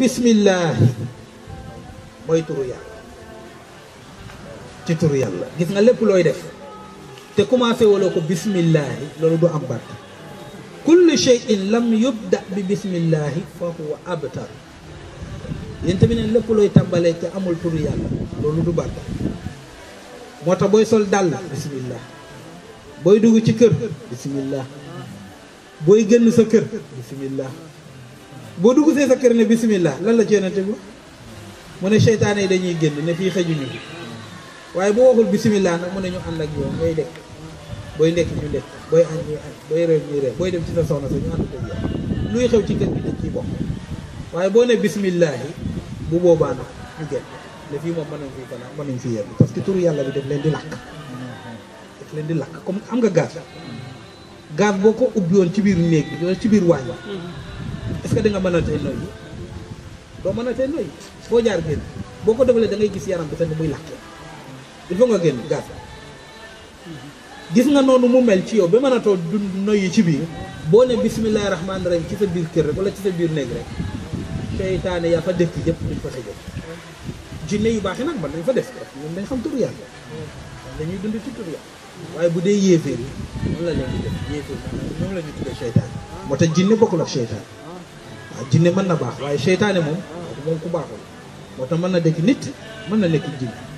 bismillaahi mooy turu yàlla ci turu yàlla gis nga lépp looy def te commencé waloo ko bismillaahi loolu du am barke kullu shay'in lam yubda bi bismillaahi fa huwa abtar yéen tamit ne lépp looy tàmbalee te amul turu yàlla loolu du barke moo tax booy sol dàll bismillaah booy dugg ci kër bismillaah booy génn sa kër bismillaah boo dugg see sa kër ne bisimilah lan la ci yonente bi mu ne seytaane yi dañuy génn ne fii xëjuñu waaye boo waxul bisimilah nag mu ne ñu ànd ak yow booy ndekk ñu ndekk booy añ ñuy booy reer ñuy reer soxna sa ñu xew ci kër gi dañ ciy bokk waaye boo ne bisimilahi bu boobaa nag ñu génn ne fii moom mën nañ fi fanaan mën nañ fi yenn parce que turu yàlla bi daf leen di làkk di làkk comme am nga gaz gaz boo ko ubbi woon ci biir néeg bi ci biir waañ est-ce que da nga mën a boo mën a tey noyyi jaar génn boo ko defalee dangay gis yaram bi te ni muy làqee il faut nga génn gaaf gis nga noonu mu mel ci yow ba mën a toog du noyyi ci biir boo ne bisimilahi rahmaani rahim ci sa biir kër rek wala ci sa biir néeg rek seytaane yaa fa dëkk yëpp duñ fa tëjee jinne yu baax yi nag man nañ fa def ñun dañ xam tur dañuy dund ci tur waaye bu dee yéeféer yi noonu la leen di def yéeféer moo tax jinne bokkul ak waaw jinne mën na baax waaye seytaane moom moom ku baaxul moo tax mën na dekk nit mën na nekk jinne